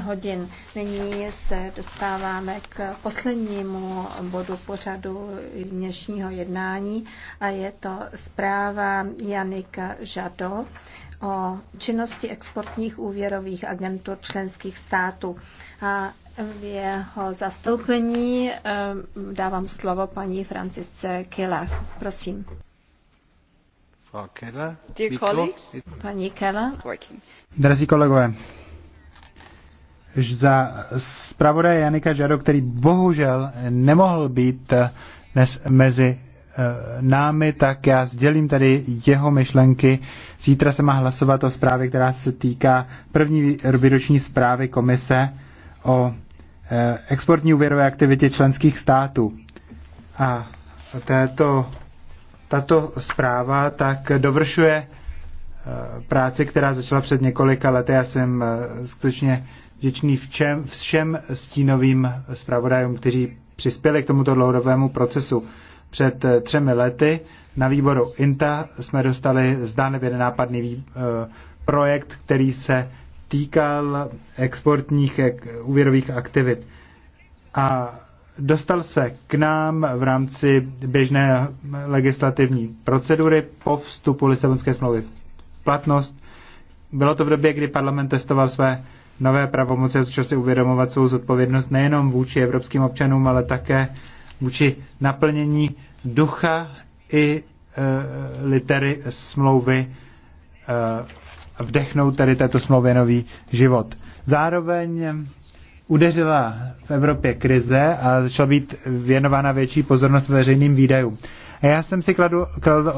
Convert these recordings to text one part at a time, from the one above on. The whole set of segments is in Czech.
hodin. Nyní se dostáváme k poslednímu bodu pořadu dnešního jednání a je to zpráva Janika Žado o činnosti exportních úvěrových agentur členských států. A v jeho zastoupení eh, dávám slovo paní Francisce Kille. Prosím. Paní Keller. Drazí kolegové, za zpravodaje Janika Žado, který bohužel nemohl být eh, dnes mezi eh, námi, tak já sdělím tady jeho myšlenky. Zítra se má hlasovat o zprávě, která se týká první výroční zprávy komise o eh, exportní úvěrové aktivitě členských států. A této, tato zpráva tak dovršuje práci, která začala před několika lety. Já jsem skutečně vděčný všem, všem stínovým zpravodajům, kteří přispěli k tomuto dlouhodobému procesu. Před eh, třemi lety na výboru INTA jsme dostali zdánlivě nenápadný eh, projekt, který se týkal exportních eh, úvěrových aktivit. A dostal se k nám v rámci běžné legislativní procedury po vstupu Lisabonské smlouvy v platnost. Bylo to v době, kdy parlament testoval své nové pravomoci a si uvědomovat svou zodpovědnost nejenom vůči evropským občanům, ale také vůči naplnění ducha i e, litery smlouvy e, vdechnout tady této smlouvě nový život. Zároveň udeřila v Evropě krize a začala být věnována větší pozornost veřejným výdajům. A já jsem si kladl, kladl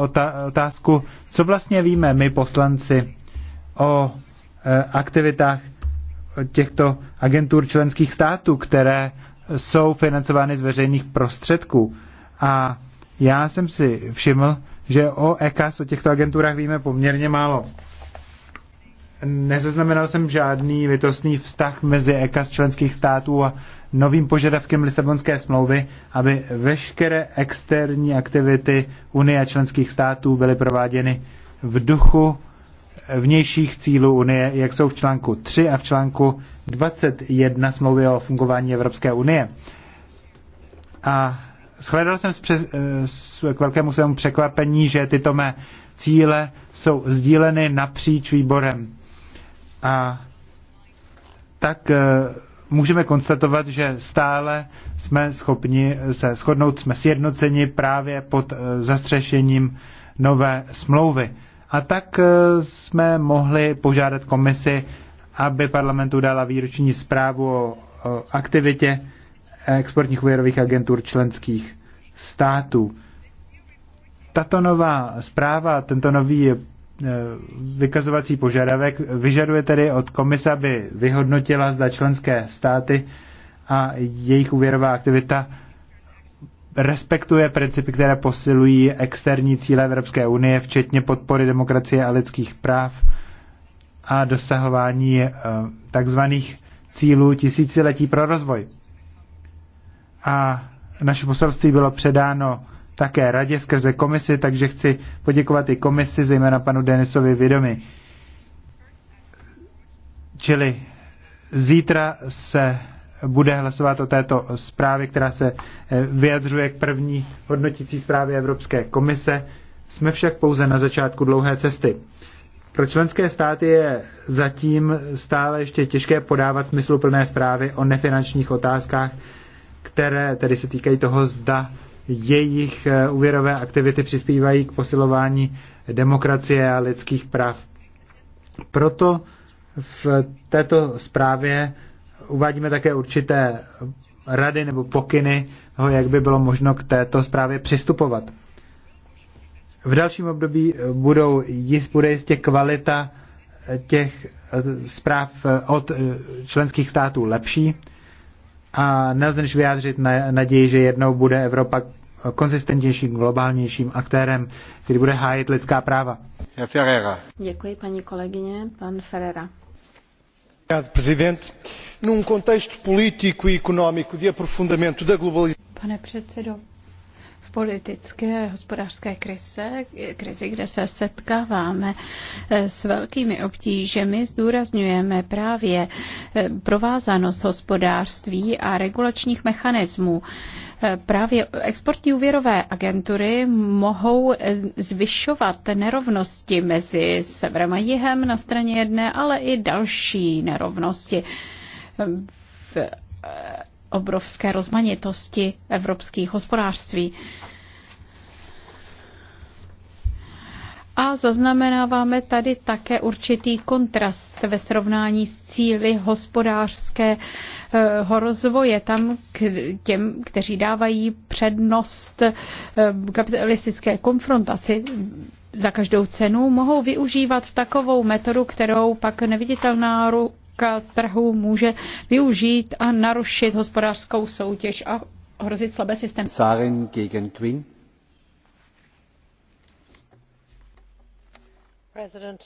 otázku, co vlastně víme my poslanci o e, aktivitách těchto agentur členských států, které jsou financovány z veřejných prostředků. A já jsem si všiml, že o EKAS o těchto agenturách víme poměrně málo. Nezaznamenal jsem žádný vytostný vztah mezi EKAS členských států a novým požadavkem Lisabonské smlouvy, aby veškeré externí aktivity Unie a členských států byly prováděny v duchu vnějších cílů Unie, jak jsou v článku 3 a v článku 21 smlouvy o fungování Evropské unie. A shledal jsem s, přes, s k velkému svému překvapení, že tyto mé cíle jsou sdíleny napříč výborem. A tak e, můžeme konstatovat, že stále jsme schopni se shodnout, jsme sjednoceni právě pod e, zastřešením nové smlouvy. A tak eh, jsme mohli požádat komisi, aby parlamentu dala výroční zprávu o, aktivitě exportních úvěrových agentur členských států. Tato nová zpráva, tento nový eh, vykazovací požadavek vyžaduje tedy od komise, aby vyhodnotila, zda členské státy a jejich úvěrová aktivita respektuje principy, které posilují externí cíle Evropské unie, včetně podpory demokracie a lidských práv a dosahování eh, takzvaných cílů tisíciletí pro rozvoj. A naše poselství bylo předáno také radě skrze komisi, takže chci poděkovat i komisi, zejména panu Denisovi Vědomi. Čili zítra se bude hlasovat o této zprávě, která se eh, vyjadřuje k první hodnotící zprávě Evropské komise. Jsme však pouze na začátku dlouhé cesty. Pro členské státy je zatím stále ještě těžké podávat smysluplné zprávy o nefinančních otázkách, které tedy se týkají toho, zda jejich eh, úvěrové aktivity přispívají k posilování demokracie a lidských práv. Proto v této zprávě uvádíme také určité rady nebo pokyny, toho, jak by bylo možno k této zprávě přistupovat. V dalším období budou, jist, bude jistě kvalita těch eh, zpráv eh, od eh, členských států lepší a nelze než vyjádřit naději, že jednou bude Evropa konzistentnějším, globálnějším aktérem, který bude hájit lidská práva. Ferreira. Děkuji paní kolegyně, pan Ferrera. Prezident num contexto político e económico de aprofundamento da globalização. Pane předsedající, v politické a hospodářské krize, krizi, kde se setkáváme eh, s velkými obtížemi, zdůrazňujeme právě eh, provázanost hospodářství a regulačních mechanismů eh, právě exportní úvěrové agentury mohou zvyšovat nerovnosti mezi severem a jihem na straně jedné, ale i další nerovnosti v eh, obrovské rozmanitosti evropských hospodářství. A zaznamenáváme tady také určitý kontrast ve srovnání s cíly hospodářského rozvoje. Tam k těm, kteří dávají přednost eh, kapitalistické konfrontaci za každou cenu, mohou využívat takovou metodu, kterou pak neviditelná otázka trhu může využít a narušit hospodářskou soutěž a hrozit slabé systém. Sáren gegen Quinn. President.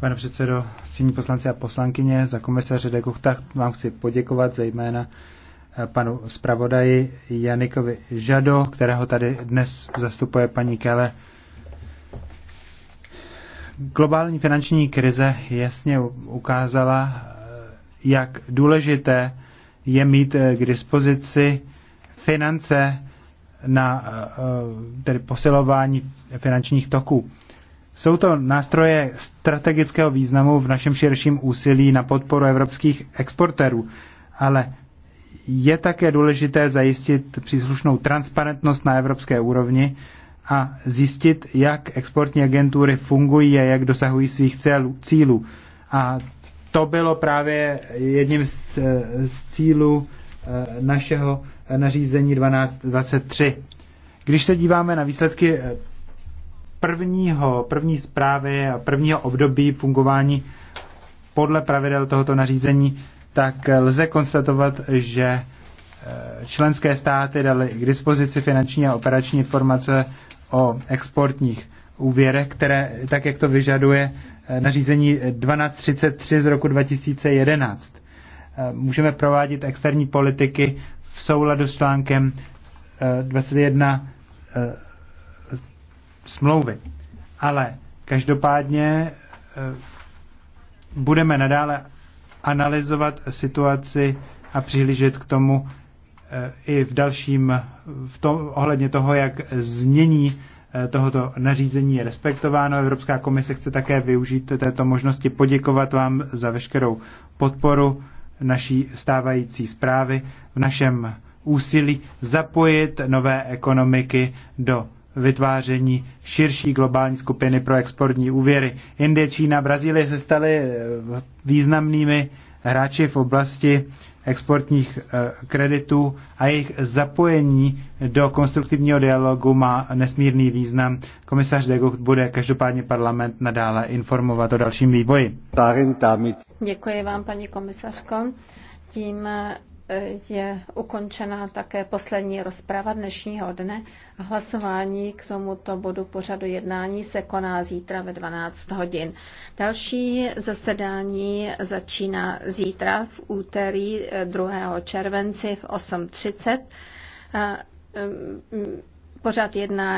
Pane předsedo, síní poslanci a poslankyně, za komisaře de Guchtach vám chci poděkovat zejména eh, panu zpravodaji Janikovi Žado, kterého tady dnes zastupuje paní Kele Globální finanční krize jasně ukázala, jak důležité je mít eh, k dispozici finance na eh, eh, tedy posilování finančních toků. Jsou to nástroje strategického významu v našem širším úsilí na podporu evropských exportérů, ale je také důležité zajistit příslušnou transparentnost na evropské úrovni a zjistit, jak exportní agentury fungují a jak dosahují svých cílů. A to bylo právě jedním z, eh, z cílů eh, našeho eh, nařízení 1223. Když se díváme na výsledky prvního, první zprávy a prvního období fungování podle pravidel tohoto nařízení, tak lze konstatovat, že členské státy daly k dispozici finanční a operační informace o exportních úvěrech, které, tak jak to vyžaduje eh, nařízení 1233 z roku 2011. Eh, můžeme provádět externí politiky v souladu s článkem 21 eh, smlouvy. Ale každopádně budeme nadále analyzovat situaci a přihlížet k tomu, i v dalším, v tom, ohledně toho, jak změní eh, tohoto nařízení je respektováno. Evropská komise chce také využít této možnosti poděkovat vám za veškerou podporu naší stávající zprávy v našem úsilí zapojit nové ekonomiky do vytváření širší globální skupiny pro exportní úvěry. Indie, Čína, Brazílie se staly eh, významnými hráči v oblasti exportních eh, kreditů a jejich zapojení do konstruktivního dialogu má nesmírný význam. Komisař de Gucht bude každopádně parlament nadále informovat o dalším vývoji. Děkuji vám, paní komisařko. Tím je ukončena také poslední rozprava dnešního dne. Hlasování k tomuto bodu pořadu jednání se koná zítra ve 12 hodin. Další zasedání začíná zítra v úterý 2. Eh, červenci v 8.30. Mm, pořad jednání